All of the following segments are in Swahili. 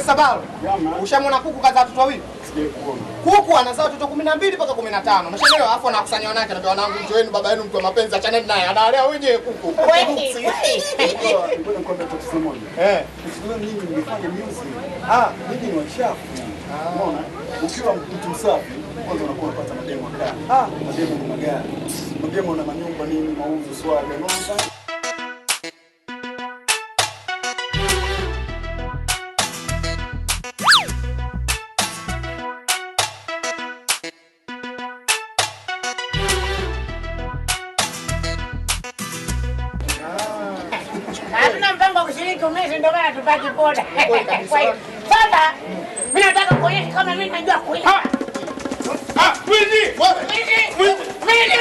Sabalo, ushamwona kuku kazaa watoto wawili? Kuku anazaa watoto kumi na mbili mpaka kumi na tano. Umeshaelewa? Afu anakusanya wanawake, anaambia wanangu, mtu baba yenu mtu wa mapenzi, achaneni naye, analea wenyewe kuku. Ukiwa mtu msafi kwanza unakuwa unapata mademo. Ah, mademo na magari, mademo na manyumba, nini mauzo swaga mtumishi, ndio maana tupaki boda. Sasa mimi nataka kuonyesha kama mimi najua kuiba. Ah, mwizi! Mwizi! Mwizi!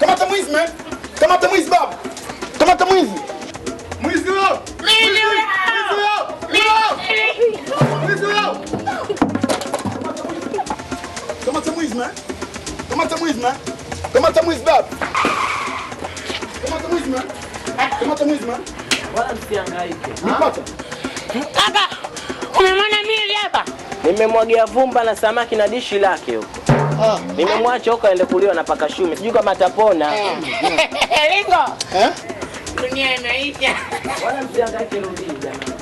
Kamata mwizi, man. Kamata mwizi baba. Kamata mwizi. Mwizi wao. Mwizi wao. Mwizi wao. Mwizi wao. Kamata mwizi, man. Kamata mwizi, man. Kamata mwizi baba. Kamata mwizi, man. Kamata mwizi, man. Wala msihangaike. Kaka, umemwona hapa? Nimemwagia vumba na samaki na dishi lake huko. Ah. Nimemwacha huko aende kuliwa na paka shumi. Sijui kama atapona. Lingo. Eh? Dunia inaisha. Wala msihangaike rudi jamani.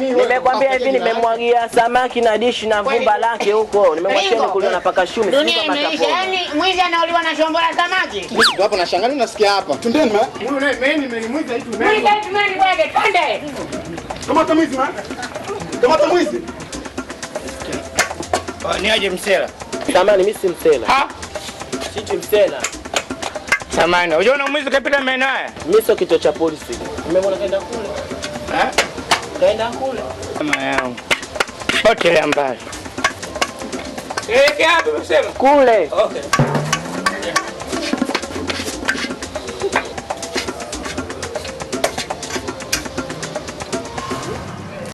Nimekwambia hivi, nimemwagia samaki na dishi na vumba lake huko, nimemwachia nikuliwa na paka shumi. Yaani, mwizi anauliwa na shombo la samaki. Hapo nashangaa nasikia hapa. Twendeni. Kamata mwizi ma. Kamata mwizi. Ni aje msela? Samani mimi si msela. Ah. Sisi msela. Samani, unajua una mwizi kapita maeneo haya? Mimi sio kituo cha polisi. Nimemwona kaenda kule. Eh? Kaenda kule. Mama yangu. Potelea mbali. Kelekea hapo, unasema? Kule. Okay.